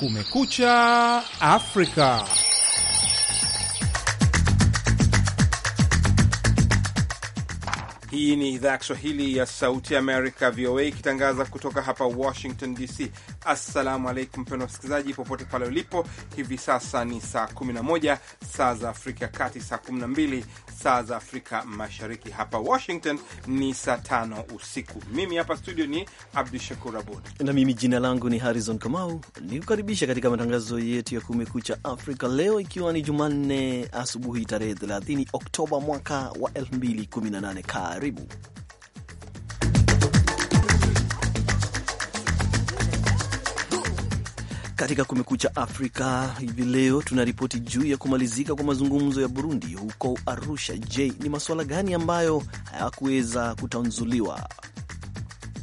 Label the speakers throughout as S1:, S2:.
S1: Kumekucha Afrika. Hii ni idhaa ya Kiswahili ya Sauti Amerika, VOA, ikitangaza kutoka hapa Washington DC. Assalamu alaikum mpendwa msikilizaji, popote pale ulipo. Hivi sasa ni saa 11 saa za Afrika ya Kati, saa 12 saa za Afrika Mashariki. Hapa Washington ni saa tano usiku. Mimi hapa studio ni
S2: Abdu Shakur Abud na mimi jina langu ni Harrison Kamau, ni kukaribisha katika matangazo yetu ya Kumekucha Afrika leo, ikiwa ni Jumanne asubuhi tarehe 30 Oktoba mwaka wa 2018. Karibu. Katika Kumekucha Afrika hivi leo tunaripoti juu ya kumalizika kwa mazungumzo ya Burundi huko Arusha. Je, ni masuala gani ambayo hayakuweza kutanzuliwa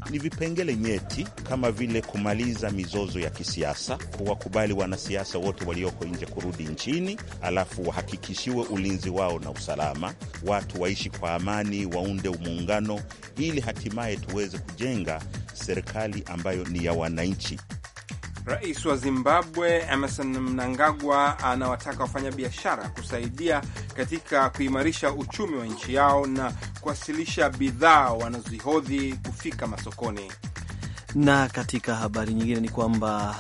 S3: ni vipengele nyeti kama vile kumaliza mizozo ya kisiasa, kuwakubali wanasiasa wote walioko nje kurudi nchini, alafu wahakikishiwe ulinzi wao na usalama, watu waishi kwa amani, waunde muungano, ili hatimaye tuweze kujenga serikali ambayo ni ya wananchi.
S1: Rais wa Zimbabwe Emerson Mnangagwa anawataka wafanyabiashara kusaidia katika kuimarisha uchumi wa nchi yao na kuwasilisha bidhaa wanazohodhi kufika masokoni.
S2: Na katika habari nyingine ni kwamba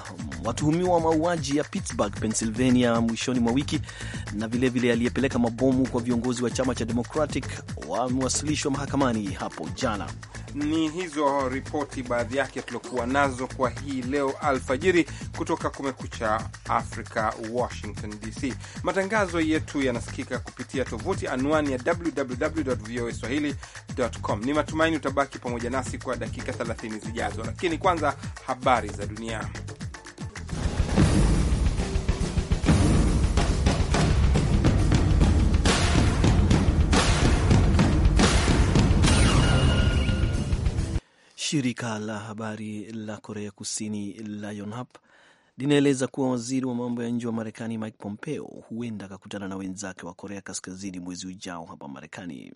S2: watuhumiwa wa mauaji ya Pittsburgh, Pennsylvania mwishoni mwa wiki na vilevile aliyepeleka mabomu kwa viongozi wa chama cha Democratic wamewasilishwa mahakamani hapo jana.
S1: Ni hizo ripoti baadhi yake tuliokuwa nazo kwa hii leo alfajiri, kutoka Kumekucha Afrika, Washington DC. Matangazo yetu yanasikika kupitia tovuti anwani ya www voa swahili.com. Ni matumaini utabaki pamoja nasi kwa dakika 30 zijazo, lakini kwanza habari za dunia.
S2: Shirika la habari la Korea Kusini la Yonhap linaeleza kuwa waziri wa mambo ya nje wa Marekani Mike Pompeo huenda akakutana na wenzake wa Korea Kaskazini mwezi ujao hapa Marekani.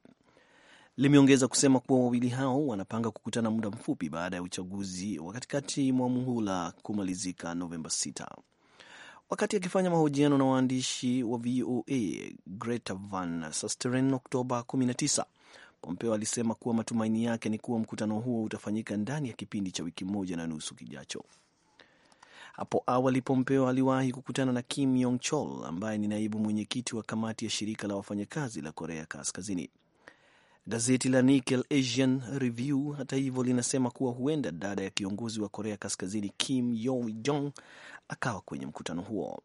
S2: Limeongeza kusema kuwa wawili hao wanapanga kukutana muda mfupi baada ya uchaguzi wa katikati mwa muhula kumalizika Novemba 6. Wakati akifanya mahojiano na waandishi wa VOA Greta Van Susteren Oktoba 19 Pompeo alisema kuwa matumaini yake ni kuwa mkutano huo utafanyika ndani ya kipindi cha wiki moja na nusu kijacho. Hapo awali Pompeo aliwahi kukutana na Kim Yong Chol ambaye ni naibu mwenyekiti wa kamati ya shirika la wafanyakazi la Korea Kaskazini. Gazeti la Nikkei Asian Review hata hivyo linasema kuwa huenda dada ya kiongozi wa Korea Kaskazini Kim Yong Jong akawa kwenye mkutano huo.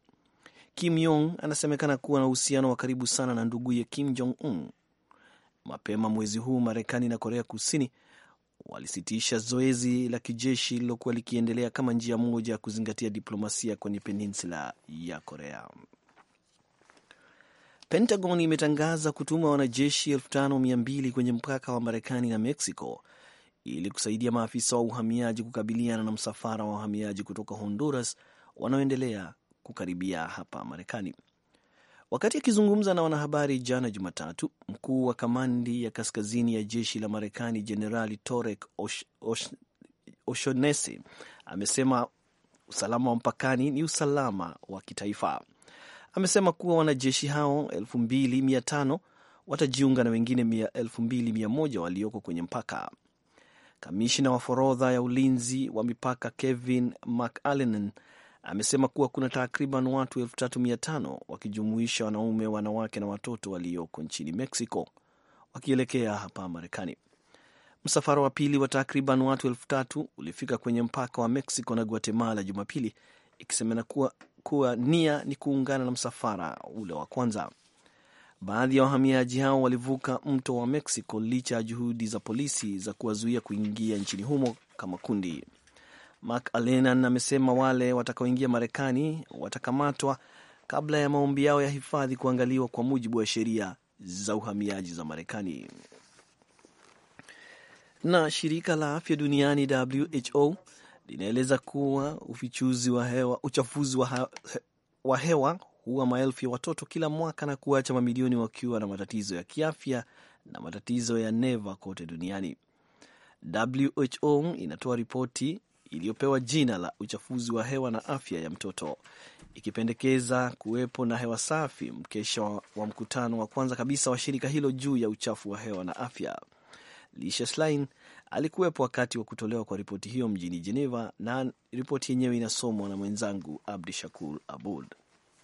S2: Kim Yong anasemekana kuwa na uhusiano wa karibu sana na nduguye Kim Jong Un Mapema mwezi huu Marekani na Korea Kusini walisitisha zoezi la kijeshi lililokuwa likiendelea kama njia moja ya kuzingatia diplomasia kwenye peninsula ya Korea. Pentagon imetangaza kutuma wanajeshi 5200 kwenye mpaka wa Marekani na Mexico ili kusaidia maafisa wa uhamiaji kukabiliana na msafara wa wahamiaji kutoka Honduras wanaoendelea kukaribia hapa Marekani. Wakati akizungumza na wanahabari jana Jumatatu, mkuu wa kamandi ya kaskazini ya jeshi la Marekani Jenerali Torek O'Shonesi amesema usalama wa mpakani ni usalama wa kitaifa. Amesema kuwa wanajeshi hao 2500 watajiunga na wengine 2100 walioko kwenye mpaka. Kamishina wa forodha ya ulinzi wa mipaka Kevin mcallenan amesema kuwa kuna takriban watu 3500 wakijumuisha wanaume, wanawake na watoto walioko nchini Mexico wakielekea hapa Marekani. Msafara wa pili wa takriban watu 3000 ulifika kwenye mpaka wa Mexico na Guatemala Jumapili, ikisemena kuwa, kuwa nia ni kuungana na msafara ule wa kwanza. Baadhi ya wahamiaji hao walivuka mto wa Mexico licha ya juhudi za polisi za kuwazuia kuingia nchini humo kama kundi. Mark Alenan amesema wale watakaoingia Marekani watakamatwa kabla ya maombi yao ya hifadhi kuangaliwa kwa mujibu wa sheria za uhamiaji za Marekani. Na shirika la afya duniani WHO linaeleza kuwa ufichuzi wa hewa, uchafuzi wa hewa huwa maelfu ya watoto kila mwaka na kuacha mamilioni wakiwa na matatizo ya kiafya na matatizo ya neva kote duniani. WHO inatoa ripoti iliyopewa jina la uchafuzi wa hewa na afya ya mtoto, ikipendekeza kuwepo na hewa safi mkesha wa mkutano wa kwanza kabisa wa shirika hilo juu ya uchafu wa hewa na afya. Lisha Schlein alikuwepo wakati wa kutolewa kwa ripoti hiyo mjini Geneva, na ripoti yenyewe inasomwa na mwenzangu Abdi Shakur Abud.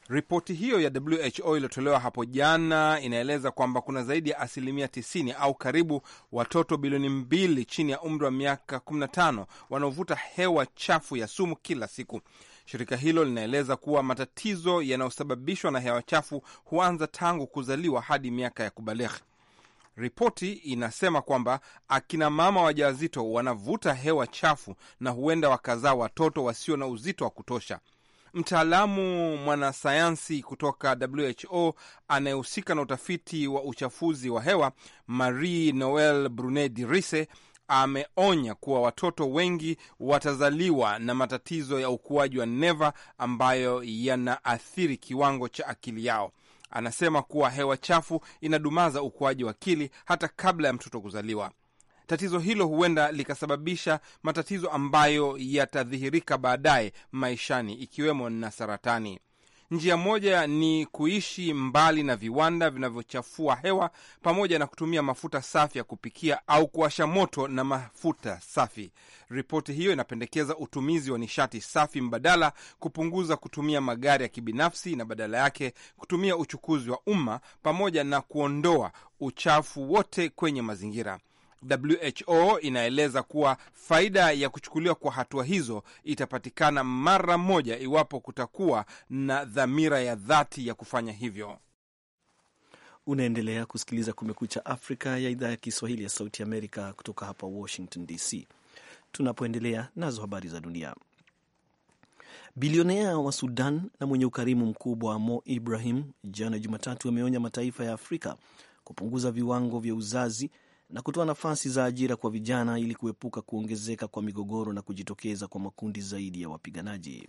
S1: Ripoti hiyo ya WHO iliyotolewa hapo jana inaeleza kwamba kuna zaidi ya asilimia 90 au karibu watoto bilioni mbili chini ya umri wa miaka 15 wanaovuta hewa chafu ya sumu kila siku. Shirika hilo linaeleza kuwa matatizo yanayosababishwa na hewa chafu huanza tangu kuzaliwa hadi miaka ya kubalighi. Ripoti inasema kwamba akina mama wajawazito wanavuta hewa chafu na huenda wakazaa watoto wasio na uzito wa kutosha mtaalamu mwanasayansi kutoka WHO anayehusika na utafiti wa uchafuzi wa hewa Marie Noel Brunet rise ameonya kuwa watoto wengi watazaliwa na matatizo ya ukuaji wa neva ambayo yanaathiri kiwango cha akili yao. Anasema kuwa hewa chafu inadumaza ukuaji wa akili hata kabla ya mtoto kuzaliwa. Tatizo hilo huenda likasababisha matatizo ambayo yatadhihirika baadaye maishani, ikiwemo na saratani. Njia moja ni kuishi mbali na viwanda vinavyochafua hewa pamoja na kutumia mafuta safi ya kupikia au kuwasha moto na mafuta safi. Ripoti hiyo inapendekeza utumizi wa nishati safi mbadala, kupunguza kutumia magari ya kibinafsi na badala yake kutumia uchukuzi wa umma pamoja na kuondoa uchafu wote kwenye mazingira. WHO inaeleza kuwa faida ya kuchukuliwa kwa hatua hizo itapatikana mara moja iwapo kutakuwa na dhamira ya dhati ya kufanya hivyo.
S2: Unaendelea kusikiliza Kumekucha Afrika ya idhaa ya Kiswahili ya Sauti Amerika kutoka hapa Washington DC, tunapoendelea nazo habari za dunia. Bilionea wa Sudan na mwenye ukarimu mkubwa Mo Ibrahim jana Jumatatu ameonya mataifa ya Afrika kupunguza viwango vya uzazi na kutoa nafasi za ajira kwa vijana ili kuepuka kuongezeka kwa migogoro na kujitokeza kwa makundi zaidi ya wapiganaji.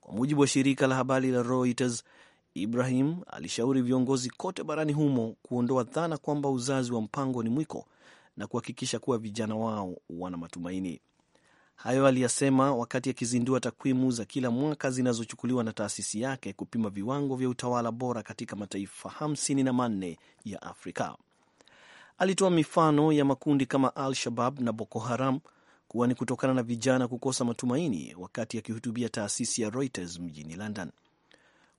S2: Kwa mujibu wa shirika la habari la Reuters, Ibrahim alishauri viongozi kote barani humo kuondoa dhana kwamba uzazi wa mpango ni mwiko na kuhakikisha kuwa vijana wao wana matumaini. Hayo aliyasema wakati akizindua takwimu za kila mwaka zinazochukuliwa na taasisi yake kupima viwango vya utawala bora katika mataifa hamsini na manne ya Afrika. Alitoa mifano ya makundi kama Al-Shabab na Boko Haram kuwa ni kutokana na vijana kukosa matumaini, wakati akihutubia taasisi ya Reuters mjini London.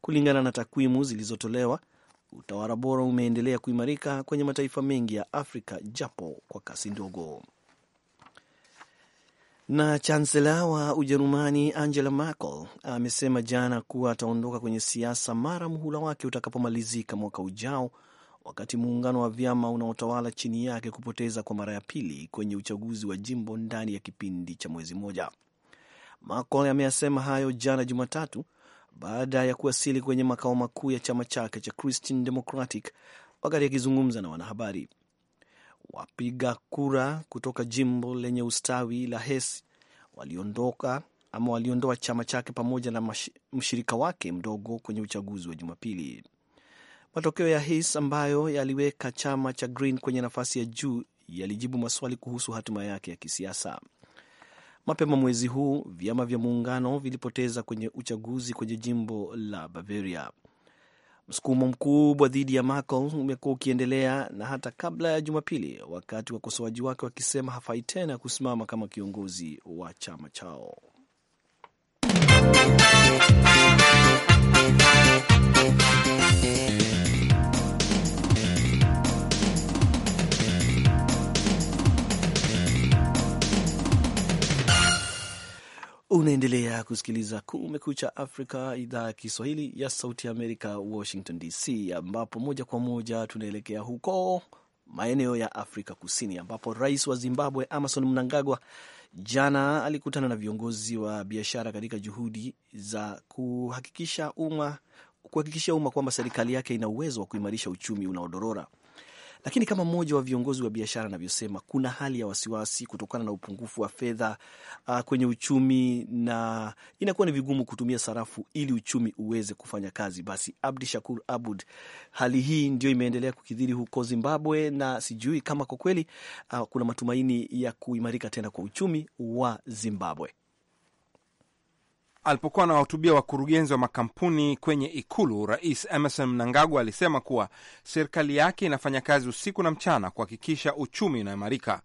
S2: Kulingana na takwimu zilizotolewa, utawala bora umeendelea kuimarika kwenye mataifa mengi ya Afrika japo kwa kasi ndogo. Na chansela wa Ujerumani Angela Merkel amesema jana kuwa ataondoka kwenye siasa mara mhula wake utakapomalizika mwaka ujao wakati muungano wa vyama unaotawala chini yake kupoteza kwa mara ya pili kwenye uchaguzi wa jimbo ndani ya kipindi cha mwezi mmoja. Merkel ameyasema hayo jana Jumatatu baada ya kuwasili kwenye makao makuu ya chama chake cha Christian Democratic wakati akizungumza na wanahabari. Wapiga kura kutoka jimbo lenye ustawi la Hesse waliondoka ama waliondoa chama chake pamoja na mshirika wake mdogo kwenye uchaguzi wa Jumapili. Matokeo ya Hiss ambayo yaliweka chama cha Green kwenye nafasi ya juu yalijibu maswali kuhusu hatima yake ya kisiasa. Mapema mwezi huu vyama vya muungano vilipoteza kwenye uchaguzi kwenye jimbo la Bavaria. Msukumo mkubwa dhidi ya Merkel umekuwa ukiendelea na hata kabla ya Jumapili, wakati wakosoaji wake wakisema hafai tena kusimama kama kiongozi wa chama chao. Unaendelea kusikiliza Kumekucha Afrika, idhaa ya Kiswahili ya Sauti ya Amerika, Washington DC, ambapo moja kwa moja tunaelekea huko maeneo ya Afrika Kusini, ambapo rais wa Zimbabwe Emmerson Mnangagwa jana alikutana na viongozi wa biashara katika juhudi za kuhakikisha umma kuhakikisha umma kwamba serikali yake ina uwezo wa kuimarisha uchumi unaodorora. Lakini kama mmoja wa viongozi wa biashara anavyosema, kuna hali ya wasiwasi kutokana na upungufu wa fedha uh, kwenye uchumi na inakuwa ni vigumu kutumia sarafu ili uchumi uweze kufanya kazi. Basi Abdi Shakur Abud, hali hii ndio imeendelea kukidhiri huko Zimbabwe, na sijui kama kwa kweli uh, kuna matumaini ya kuimarika tena kwa uchumi wa Zimbabwe. Alipokuwa anawahutubia
S1: wakurugenzi wa makampuni kwenye Ikulu, Rais Emerson Mnangagwa alisema kuwa serikali yake inafanya kazi usiku na mchana kuhakikisha uchumi unaimarika.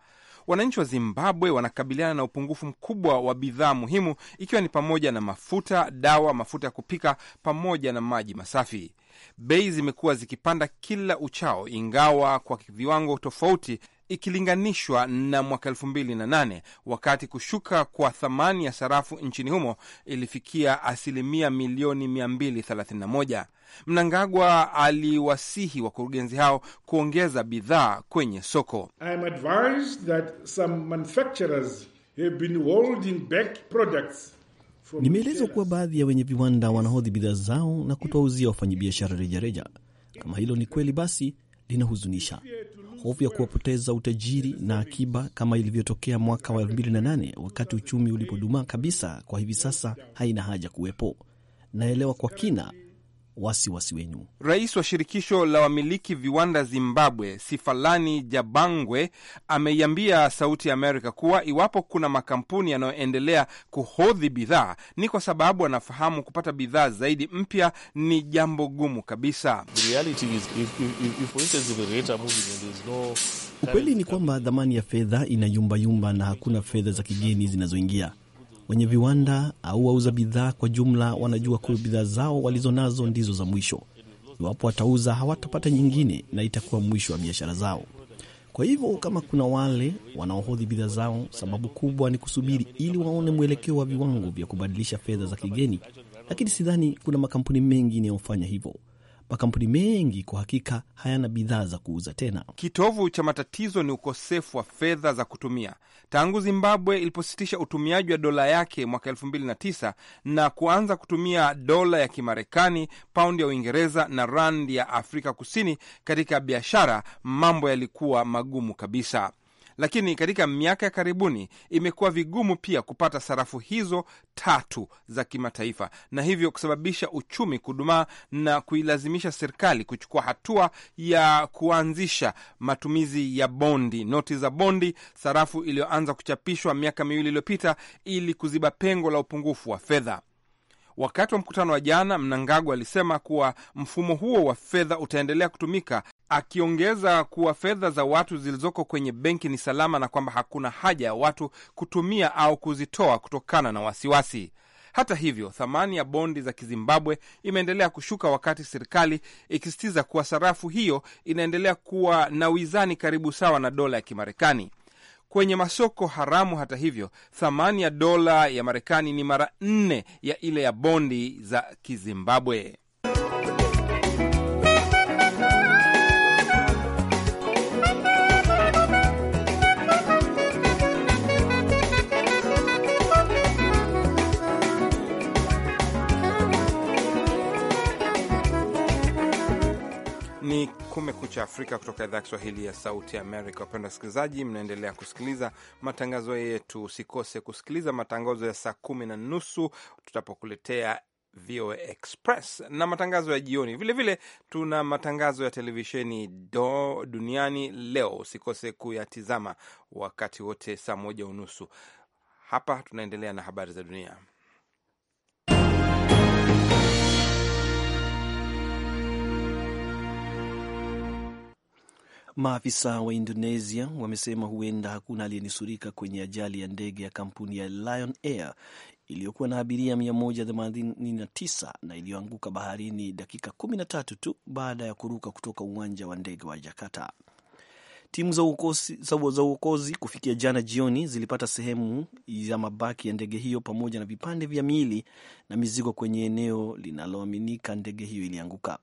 S1: Wananchi wa Zimbabwe wanakabiliana na upungufu mkubwa wa bidhaa muhimu, ikiwa ni pamoja na mafuta, dawa, mafuta ya kupika pamoja na maji masafi. Bei zimekuwa zikipanda kila uchao, ingawa kwa viwango tofauti ikilinganishwa na mwaka elfu mbili na nane wakati kushuka kwa thamani ya sarafu nchini humo ilifikia asilimia milioni 231. Mnangagwa aliwasihi wakurugenzi hao kuongeza bidhaa kwenye soko. I am advised that some
S3: manufacturers have been holding back products Nimeelezwa
S2: kuwa baadhi ya wenye viwanda wanahodhi bidhaa zao na kutowauzia wafanyabiashara rejareja. Kama hilo ni kweli, basi linahuzunisha hofu ya kuwapoteza utajiri na akiba kama ilivyotokea mwaka wa 2008 wakati uchumi ulipodumaa kabisa, kwa hivi sasa haina haja kuwepo. Naelewa kwa kina wasiwasi wenyu
S1: Rais wa shirikisho la wamiliki viwanda Zimbabwe, Sifalani Jabangwe, ameiambia Sauti ya Amerika kuwa iwapo kuna makampuni yanayoendelea kuhodhi bidhaa ni kwa sababu anafahamu kupata bidhaa zaidi mpya ni jambo gumu kabisa. Ukweli ni
S2: kwamba dhamani ya fedha inayumbayumba na hakuna fedha za kigeni zinazoingia wenye viwanda au wauza bidhaa kwa jumla wanajua kuwa bidhaa zao walizonazo ndizo za mwisho. Iwapo watauza, hawatapata nyingine na itakuwa mwisho wa biashara zao. Kwa hivyo kama kuna wale wanaohodhi bidhaa zao, sababu kubwa ni kusubiri ili waone mwelekeo wa viwango vya kubadilisha fedha za kigeni, lakini sidhani kuna makampuni mengi inayofanya hivyo makampuni mengi kwa hakika hayana bidhaa za kuuza tena.
S1: Kitovu cha matatizo ni ukosefu wa fedha za kutumia. Tangu Zimbabwe ilipositisha utumiaji wa dola yake mwaka 29 na kuanza kutumia dola ya Kimarekani, paundi ya Uingereza na randi ya Afrika Kusini katika biashara, mambo yalikuwa magumu kabisa lakini katika miaka ya karibuni imekuwa vigumu pia kupata sarafu hizo tatu za kimataifa, na hivyo kusababisha uchumi kudumaa na kuilazimisha serikali kuchukua hatua ya kuanzisha matumizi ya bondi, noti za bondi, sarafu iliyoanza kuchapishwa miaka miwili iliyopita ili kuziba pengo la upungufu wa fedha. Wakati wa mkutano wa jana, Mnangagwa alisema kuwa mfumo huo wa fedha utaendelea kutumika akiongeza kuwa fedha za watu zilizoko kwenye benki ni salama na kwamba hakuna haja ya watu kutumia au kuzitoa kutokana na wasiwasi. Hata hivyo, thamani ya bondi za Kizimbabwe imeendelea kushuka wakati serikali ikisisitiza kuwa sarafu hiyo inaendelea kuwa na wizani karibu sawa na dola ya Kimarekani kwenye masoko haramu. Hata hivyo, thamani ya dola ya Marekani ni mara nne ya ile ya bondi za Kizimbabwe. Kumekucha Afrika kutoka idhaa ya Kiswahili ya Sauti ya Amerika. Wapenda wasikilizaji, mnaendelea kusikiliza matangazo yetu. Usikose kusikiliza matangazo ya saa kumi na nusu tutapokuletea VOA Express na matangazo ya jioni. Vilevile vile, tuna matangazo ya televisheni do duniani leo, usikose kuyatizama wakati wote saa moja unusu. Hapa tunaendelea na habari za dunia.
S2: Maafisa wa Indonesia wamesema huenda hakuna aliyenusurika kwenye ajali ya ndege ya kampuni ya Lion Air iliyokuwa na abiria 189 na iliyoanguka baharini dakika 13 tu baada ya kuruka kutoka uwanja wa ndege wa Jakarta. Timu za uokozi kufikia jana jioni zilipata sehemu ya mabaki ya ndege hiyo pamoja na vipande vya miili na mizigo kwenye eneo linaloaminika ndege hiyo ilianguka.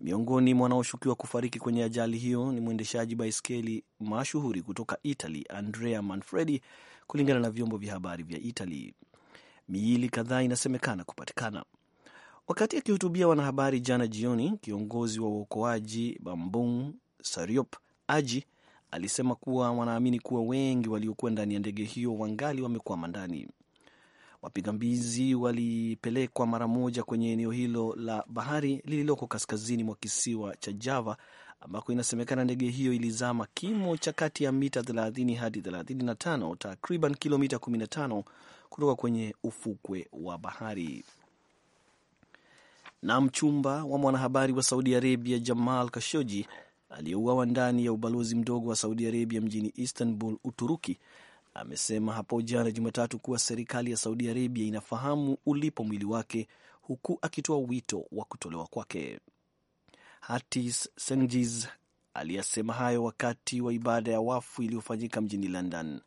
S2: Miongoni mwa wanaoshukiwa kufariki kwenye ajali hiyo ni mwendeshaji baiskeli mashuhuri kutoka Italy, Andrea Manfredi, kulingana na vyombo vya habari vya Italy. Miili kadhaa inasemekana kupatikana. Wakati akihutubia wanahabari jana jioni, kiongozi wa uokoaji Bambung Sariop Aji alisema kuwa wanaamini kuwa wengi waliokuwa ndani ya ndege hiyo wangali wamekwama ndani. Wapiga mbizi walipelekwa mara moja kwenye eneo hilo la bahari lililoko kaskazini mwa kisiwa cha Java ambako inasemekana ndege hiyo ilizama kimo cha kati ya mita 30 hadi 35, takriban kilomita 15 kutoka kwenye ufukwe wa bahari. Na mchumba wa mwanahabari wa Saudi Arabia Jamal Khashoggi aliyeuawa ndani ya ubalozi mdogo wa Saudi Arabia mjini Istanbul, Uturuki, amesema hapo jana Jumatatu kuwa serikali ya Saudi Arabia inafahamu ulipo mwili wake huku akitoa wito wa kutolewa kwake. Hatis Sengiz aliyasema hayo wakati wa ibada ya wafu iliyofanyika mjini London.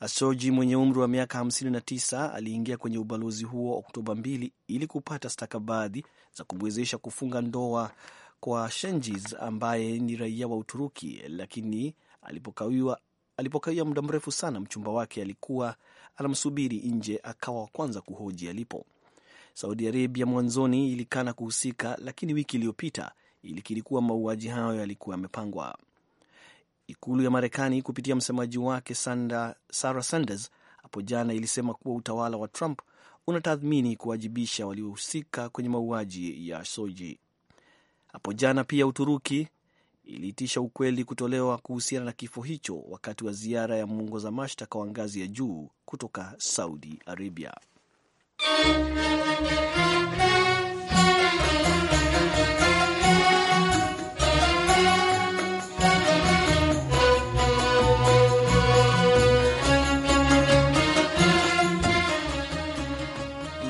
S2: Asoji mwenye umri wa miaka 59 aliingia kwenye ubalozi huo Oktoba 2 ili kupata stakabadhi za kumwezesha kufunga ndoa kwa Shengiz ambaye ni raia wa Uturuki, lakini alipokawiwa alipokawia muda mrefu sana, mchumba wake alikuwa anamsubiri nje, akawa wa kwanza kuhoji alipo. Saudi Arabia mwanzoni ilikana kuhusika, lakini wiki iliyopita ilikiri kuwa mauaji hayo yalikuwa yamepangwa. Ikulu ya Marekani kupitia msemaji wake Sanda, Sarah Sanders hapo jana ilisema kuwa utawala wa Trump unatathmini kuwajibisha waliohusika kwenye mauaji ya Soji hapo jana. Pia Uturuki iliitisha ukweli kutolewa kuhusiana na kifo hicho wakati wa ziara ya mwongoza mashtaka wa ngazi ya juu kutoka Saudi Arabia.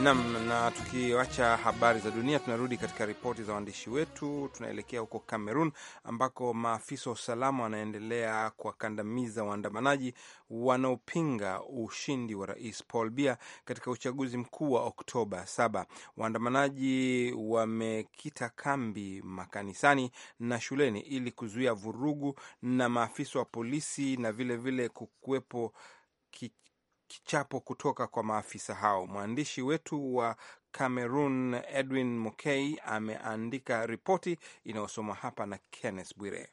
S1: Nam, na tukiacha habari za dunia, tunarudi katika ripoti za waandishi wetu. Tunaelekea huko Kamerun ambako maafisa wa usalama wanaendelea kuwakandamiza waandamanaji wanaopinga ushindi wa rais Paul Biya katika uchaguzi mkuu wa Oktoba saba. Waandamanaji wamekita kambi makanisani na shuleni ili kuzuia vurugu, na maafisa wa polisi na vilevile kukuwepo kichapo kutoka kwa maafisa hao. Mwandishi wetu wa Cameroon Edwin Mokei ameandika ripoti inayosoma hapa na Kenneth Bwire.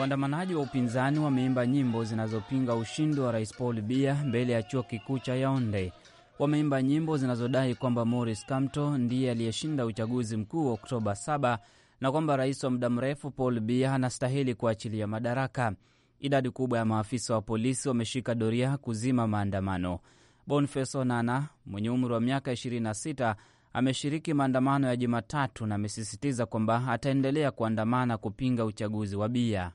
S4: Waandamanaji wa upinzani wameimba nyimbo zinazopinga ushindi wa rais Paul Biya mbele ya chuo kikuu cha yaonde Wameimba nyimbo zinazodai kwamba Maurice Kamto ndiye aliyeshinda uchaguzi mkuu wa Oktoba 7 na kwamba rais wa muda mrefu Paul Biya anastahili kuachilia madaraka. Idadi kubwa ya maafisa wa polisi wameshika doria kuzima maandamano. Boniface Onana mwenye umri wa miaka 26 ameshiriki maandamano ya Jumatatu na amesisitiza kwamba ataendelea kuandamana kupinga uchaguzi wa Biya.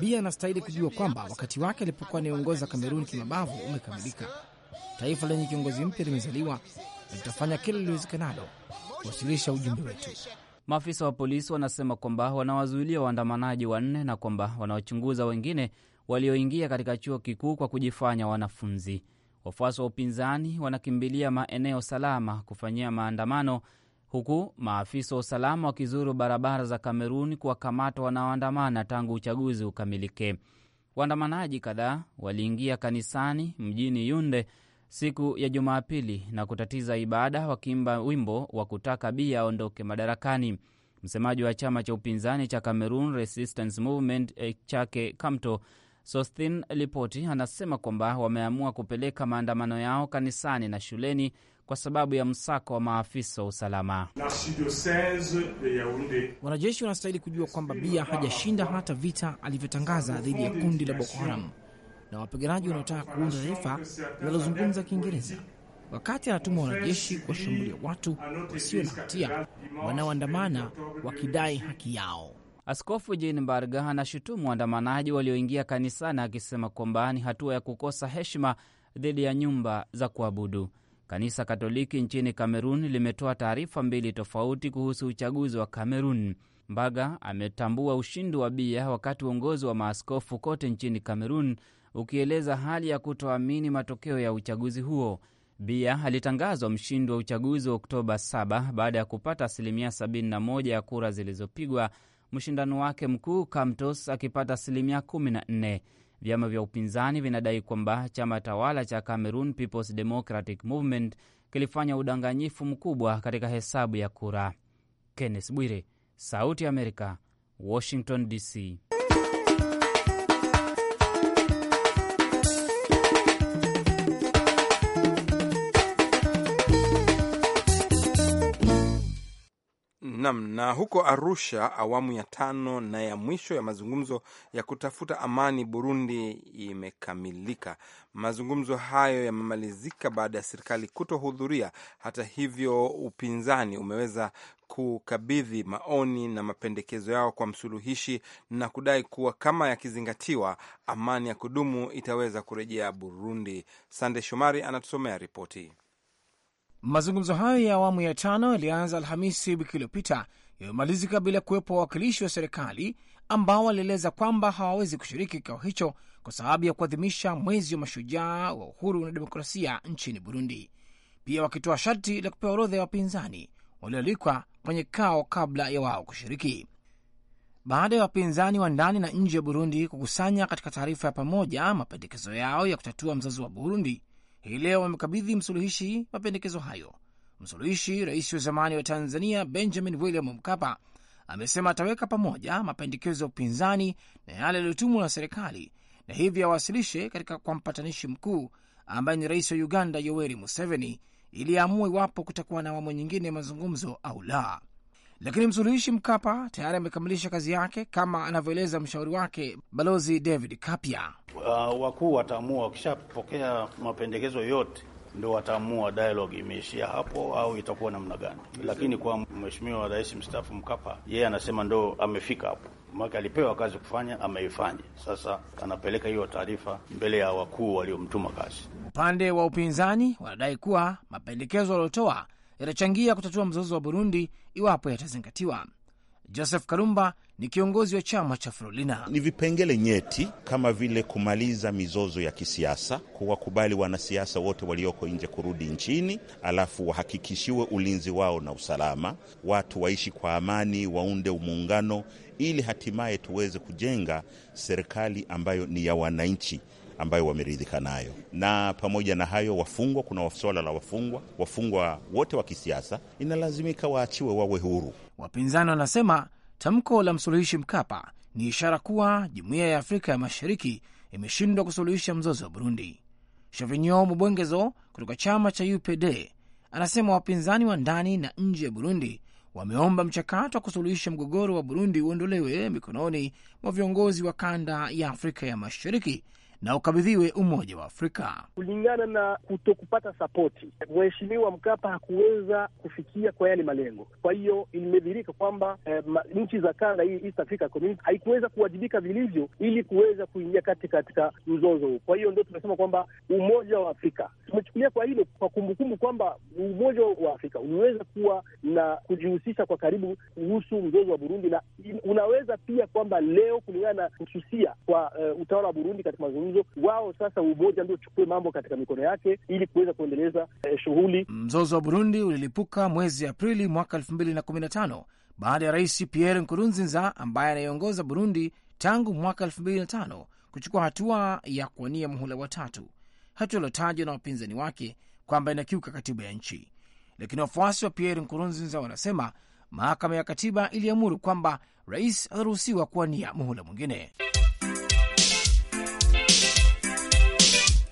S5: Biya anastahili kujua kwamba wakati wake alipokuwa anaongoza kamerun kimabavu umekamilika. Taifa lenye kiongozi mpya limezaliwa na litafanya kila liliwezekanalo kuwasilisha ujumbe wetu.
S4: Maafisa wa polisi wanasema kwamba wanawazuilia waandamanaji wanne na kwamba wanawachunguza wengine walioingia katika chuo kikuu kwa kujifanya wanafunzi. Wafuasi wa upinzani wanakimbilia maeneo salama kufanyia maandamano, huku maafisa wa usalama wakizuru barabara za Kamerun kuwakamata wanaoandamana tangu uchaguzi ukamilike. Waandamanaji kadhaa waliingia kanisani mjini Yunde siku ya Jumapili na kutatiza ibada wakiimba wimbo wa kutaka bia aondoke madarakani. Msemaji wa chama cha upinzani cha Cameroon Resistance Movement eh, chake Kamto sostin Lipoti anasema kwamba wameamua kupeleka maandamano yao kanisani na shuleni kwa sababu ya msako wa maafisa wa usalama.
S5: Wanajeshi wanastahili kujua kwamba Bia hajashinda hata vita alivyotangaza dhidi ya kundi la Boko Haram na wapiganaji wanaotaka kuunda taifa linalozungumza Kiingereza. Wakati anatuma wanajeshi kuwashambulia watu wasio na hatia wanaoandamana wakidai haki yao.
S4: Askofu Jean Barga anashutumu waandamanaji walioingia kanisani akisema kwamba ni hatua ya kukosa heshima dhidi ya nyumba za kuabudu. Kanisa Katoliki nchini Kamerun limetoa taarifa mbili tofauti kuhusu uchaguzi wa Kamerun. Mbaga ametambua ushindi wa Biya wakati uongozi wa maaskofu kote nchini Kamerun ukieleza hali ya kutoamini matokeo ya uchaguzi huo. Biya alitangazwa mshindi wa uchaguzi wa Oktoba 7 baada ya kupata asilimia 71 ya kura zilizopigwa, mshindano wake mkuu Kamtos akipata asilimia 14. Vyama vya upinzani vinadai kwamba chama tawala cha Cameroon People's Democratic Movement kilifanya udanganyifu mkubwa katika hesabu ya kura. Kenneth Bwire, Sauti ya Amerika, Washington DC.
S1: Nam. Na huko Arusha, awamu ya tano na ya mwisho ya mazungumzo ya kutafuta amani Burundi imekamilika. Mazungumzo hayo yamemalizika baada ya serikali kutohudhuria. Hata hivyo, upinzani umeweza kukabidhi maoni na mapendekezo yao kwa msuluhishi na kudai kuwa kama yakizingatiwa, amani ya kudumu itaweza kurejea Burundi. Sande Shomari anatusomea ripoti.
S5: Mazungumzo hayo ya awamu ya tano yalianza Alhamisi wiki iliyopita, yamemalizika bila kuwepo wawakilishi wa serikali ambao walieleza kwamba hawawezi kushiriki kikao hicho kwa sababu ya kuadhimisha mwezi wa mashujaa wa uhuru na demokrasia nchini Burundi, pia wakitoa sharti la kupewa orodha ya wapinzani walioalikwa kwenye kikao kabla ya wao kushiriki. Baada ya wapinzani wa ndani na nje ya Burundi kukusanya katika taarifa ya pamoja mapendekezo yao ya kutatua mzozo wa Burundi, hii leo wamekabidhi msuluhishi mapendekezo hayo. Msuluhishi, rais wa zamani wa Tanzania Benjamin William Mkapa, amesema ataweka pamoja mapendekezo ya upinzani na yale yaliyotumwa na serikali na hivyo awasilishe katika kwa mpatanishi mkuu ambaye ni rais wa Uganda Yoweri Museveni ili aamue iwapo kutakuwa na awamu nyingine ya mazungumzo au la lakini msuluhishi Mkapa tayari amekamilisha kazi yake, kama anavyoeleza mshauri wake Balozi David Kapia.
S3: Uh, wakuu
S6: wataamua, wakishapokea mapendekezo yote ndio wataamua dialogue imeishia hapo au itakuwa namna gani. Lakini kwa mheshimiwa rais mstaafu Mkapa, yeye anasema ndo amefika hapo, maake alipewa kazi kufanya, ameifanya. Sasa anapeleka hiyo taarifa mbele ya wakuu waliomtuma kazi.
S5: Upande wa upinzani wanadai kuwa mapendekezo waliotoa yatachangia kutatua mzozo wa Burundi iwapo yatazingatiwa. Joseph Karumba ni kiongozi wa chama cha
S3: Frolina. Ni vipengele nyeti kama vile kumaliza mizozo ya kisiasa, kuwakubali wanasiasa wote walioko nje kurudi nchini, alafu wahakikishiwe ulinzi wao na usalama, watu waishi kwa amani, waunde muungano, ili hatimaye tuweze kujenga serikali ambayo ni ya wananchi ambayo wameridhika nayo. Na pamoja na hayo, wafungwa, kuna swala la wafungwa. Wafungwa wote wa kisiasa inalazimika waachiwe, wawe huru. Wapinzani wanasema tamko la
S5: msuluhishi Mkapa ni ishara kuwa jumuiya ya Afrika ya Mashariki imeshindwa kusuluhisha mzozo wa Burundi. Chavinyo Mubwengezo kutoka chama cha UPD anasema wapinzani wa ndani na nje ya Burundi wameomba mchakato wa kusuluhisha mgogoro wa Burundi uondolewe mikononi mwa viongozi wa kanda ya Afrika ya Mashariki na ukabidhiwe Umoja wa Afrika.
S3: Kulingana na kutokupata sapoti, Mheshimiwa Mkapa hakuweza kufikia kwa yale malengo. Kwa hiyo imedhihirika kwamba eh, nchi za kanda hii East Africa Community haikuweza kuwajibika vilivyo ili kuweza kuingia kati katika mzozo huu. Kwa hiyo ndio tunasema kwamba Umoja wa Afrika tumechukulia kwa hilo kwa kumbukumbu kwamba Umoja wa Afrika uliweza kuwa na kujihusisha kwa karibu kuhusu mzozo wa Burundi, na unaweza pia kwamba leo kulingana na kususia kwa uh, utawala wa Burundi katika mazungumzo mazungumzo, wao sasa umoja ndio uchukue mambo katika mikono yake ili kuweza kuendeleza eh, shughuli.
S5: Mzozo wa Burundi ulilipuka mwezi Aprili mwaka elfu mbili na kumi na tano baada ya Rais Pierre Nkurunziza ambaye anayeongoza Burundi tangu mwaka elfu mbili na tano kuchukua hatua ya kuwania muhula watatu, hatua iliotajwa na wapinzani wake kwamba inakiuka katiba ya nchi. Lakini wafuasi wa Pierre Nkurunziza wanasema mahakama ya katiba iliamuru kwamba rais anaruhusiwa kuwania muhula mwingine.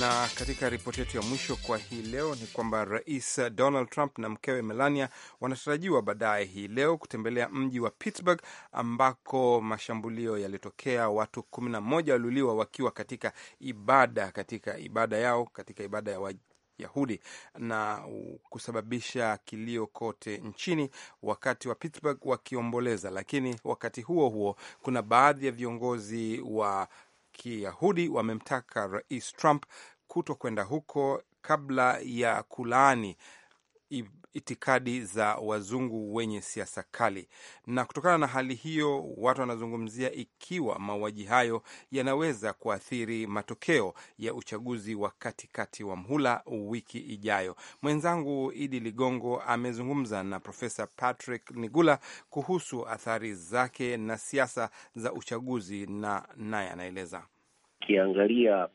S1: Na katika ripoti yetu ya mwisho kwa hii leo ni kwamba Rais Donald Trump na mkewe Melania wanatarajiwa baadaye hii leo kutembelea mji wa Pittsburgh ambako mashambulio yalitokea, watu kumi na moja waliuliwa wakiwa katika ibada, katika ibada yao, katika ibada ya Yahudi na kusababisha kilio kote nchini, wakati wa Pittsburgh wakiomboleza. Lakini wakati huo huo kuna baadhi ya viongozi wa Kiyahudi wamemtaka Rais Trump kuto kwenda huko kabla ya kulaani itikadi za wazungu wenye siasa kali. Na kutokana na hali hiyo, watu wanazungumzia ikiwa mauaji hayo yanaweza kuathiri matokeo ya uchaguzi wa katikati wa mhula wiki ijayo. Mwenzangu Idi Ligongo amezungumza na Profesa Patrick Nigula kuhusu athari zake na siasa za uchaguzi, na naye anaeleza
S3: Ukiangalia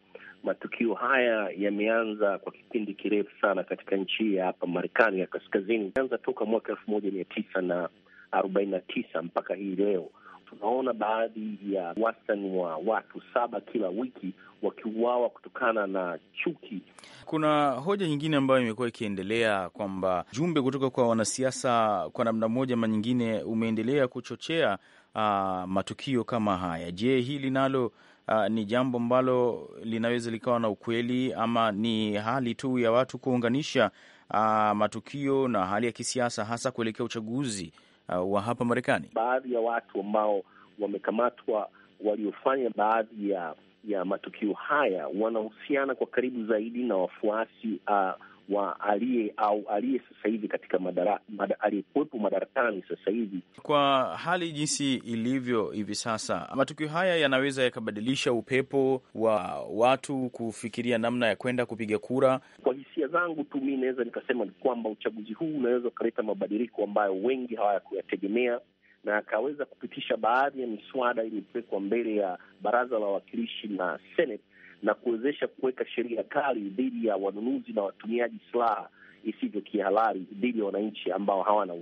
S3: matukio haya yameanza kwa kipindi kirefu sana katika nchi ya hapa Marekani ya kaskazini, anza toka mwaka elfu moja mia tisa na arobaini na tisa mpaka hii leo tunaona baadhi ya wastani wa watu saba kila wiki wakiuawa kutokana na chuki.
S6: Kuna hoja nyingine ambayo imekuwa ikiendelea kwamba jumbe kutoka kwa wanasiasa kwa namna moja ama nyingine umeendelea kuchochea uh, matukio kama haya. Je, hili nalo uh, ni jambo ambalo linaweza likawa na ukweli ama ni hali tu ya watu kuunganisha uh, matukio na hali ya kisiasa hasa kuelekea uchaguzi uh, wa hapa Marekani.
S3: Baadhi ya watu ambao wamekamatwa waliofanya baadhi ya ya matukio haya wanahusiana kwa karibu zaidi na wafuasi uh, wa aliye au aliye sasa hivi katika madara, mad, aliyekuwepo madarakani sasa hivi.
S6: Kwa hali jinsi ilivyo hivi sasa, matukio haya yanaweza yakabadilisha upepo wa watu kufikiria namna ya kwenda kupiga kura.
S3: Kwa hisia zangu tu mi naweza nikasema kwamba uchaguzi huu unaweza ukaleta mabadiliko ambayo wengi hawayakuyategemea na akaweza kupitisha baadhi ya miswada iliyopelekwa mbele ya baraza la wawakilishi na Senate na kuwezesha kuweka sheria kali dhidi ya wanunuzi na watumiaji silaha isivyo kihalali dhidi ya wananchi ambao hawana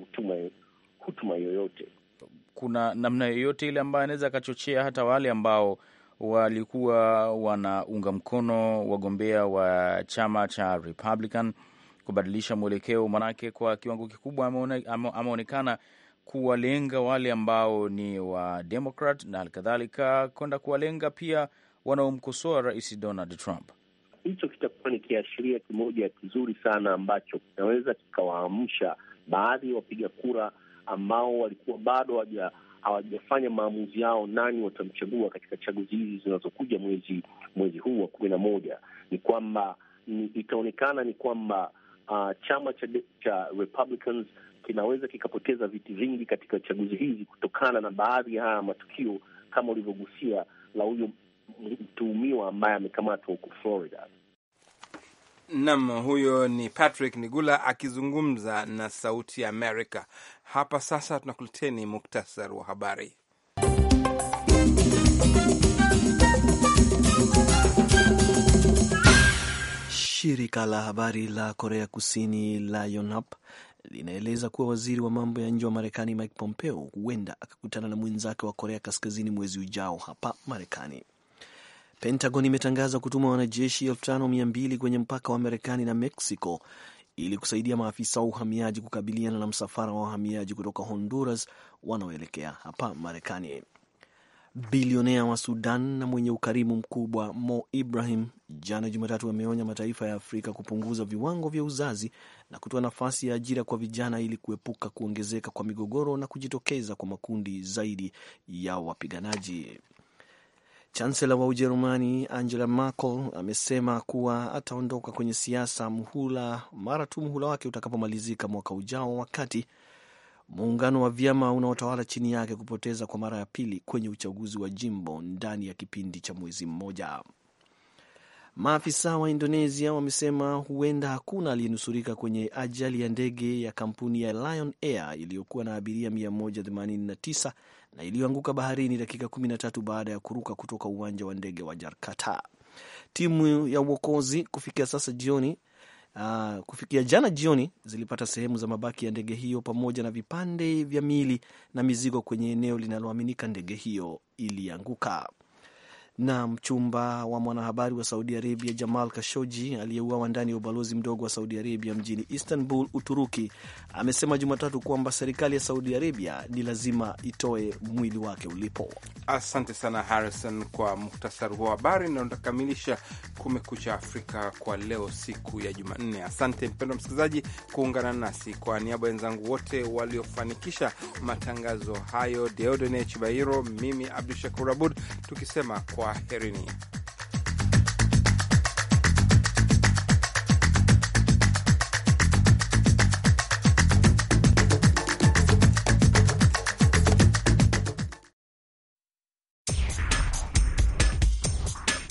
S3: hutuma yoyote.
S6: Kuna namna yoyote ile ambayo anaweza akachochea hata wale ambao walikuwa wanaunga mkono wagombea wa chama cha Republican kubadilisha mwelekeo, manake kwa kiwango kikubwa ameonekana kuwalenga wale ambao ni wa Democrat na halikadhalika kwenda kuwalenga pia wanaomkosoa Rais Donald Trump.
S3: Hicho kitakuwa ni kiashiria kimoja kizuri sana ambacho kinaweza kikawaamsha baadhi ya wapiga kura ambao walikuwa bado hawajafanya maamuzi yao nani watamchagua katika chaguzi hizi zinazokuja mwezi mwezi huu wa kumi na moja. Ni kwamba itaonekana ni kwamba uh, chama cha, cha Republicans kinaweza kikapoteza viti vingi katika chaguzi hizi kutokana na baadhi ya haya matukio kama ulivyogusia la huyo mtuhumiwa ambaye amekamatwa huko Florida.
S1: Nam, huyo ni Patrick Nigula akizungumza na Sauti ya Amerika. Hapa sasa tunakuleteni muktasari wa habari.
S2: Shirika la habari la Korea Kusini la Yonhap linaeleza kuwa waziri wa mambo ya nje wa Marekani Mike Pompeo huenda akakutana na mwenzake wa Korea Kaskazini mwezi ujao hapa Marekani. Pentagon imetangaza kutuma wanajeshi 5200 kwenye mpaka wa Marekani na Mexico ili kusaidia maafisa wa uhamiaji kukabiliana na msafara wa wahamiaji kutoka Honduras wanaoelekea hapa Marekani. Bilionea wa Sudan na mwenye ukarimu mkubwa Mo Ibrahim jana Jumatatu ameonya mataifa ya Afrika kupunguza viwango vya uzazi na kutoa nafasi ya ajira kwa vijana ili kuepuka kuongezeka kwa migogoro na kujitokeza kwa makundi zaidi ya wapiganaji. Chansela wa Ujerumani Angela Merkel amesema kuwa ataondoka kwenye siasa mhula mara tu mhula wake utakapomalizika mwaka ujao, wakati muungano wa vyama unaotawala chini yake kupoteza kwa mara ya pili kwenye uchaguzi wa jimbo ndani ya kipindi cha mwezi mmoja. Maafisa wa Indonesia wamesema huenda hakuna aliyenusurika kwenye ajali ya ndege ya kampuni ya Lion Air iliyokuwa na abiria 189 na iliyoanguka baharini dakika 13 baada ya kuruka kutoka uwanja wa ndege wa Jakarta. Timu ya uokozi kufikia sasa jioni Uh, kufikia jana jioni zilipata sehemu za mabaki ya ndege hiyo pamoja na vipande vya miili na mizigo kwenye eneo linaloaminika ndege hiyo ilianguka na mchumba wa mwanahabari wa Saudi Arabia Jamal Kashoji aliyeuawa ndani ya ubalozi mdogo wa Saudi Arabia mjini Istanbul, Uturuki, amesema Jumatatu kwamba serikali ya Saudi Arabia ni lazima itoe mwili wake ulipo.
S1: Asante sana Harrison kwa muhtasari wa habari, na utakamilisha Kumekucha Afrika kwa leo, siku ya Jumanne. Asante mpendwa msikilizaji kuungana nasi. Kwa niaba wenzangu wote waliofanikisha matangazo hayo, Deodone Chibahiro, mimi Abdu Shakur Abud tukisema kwa kwaherini.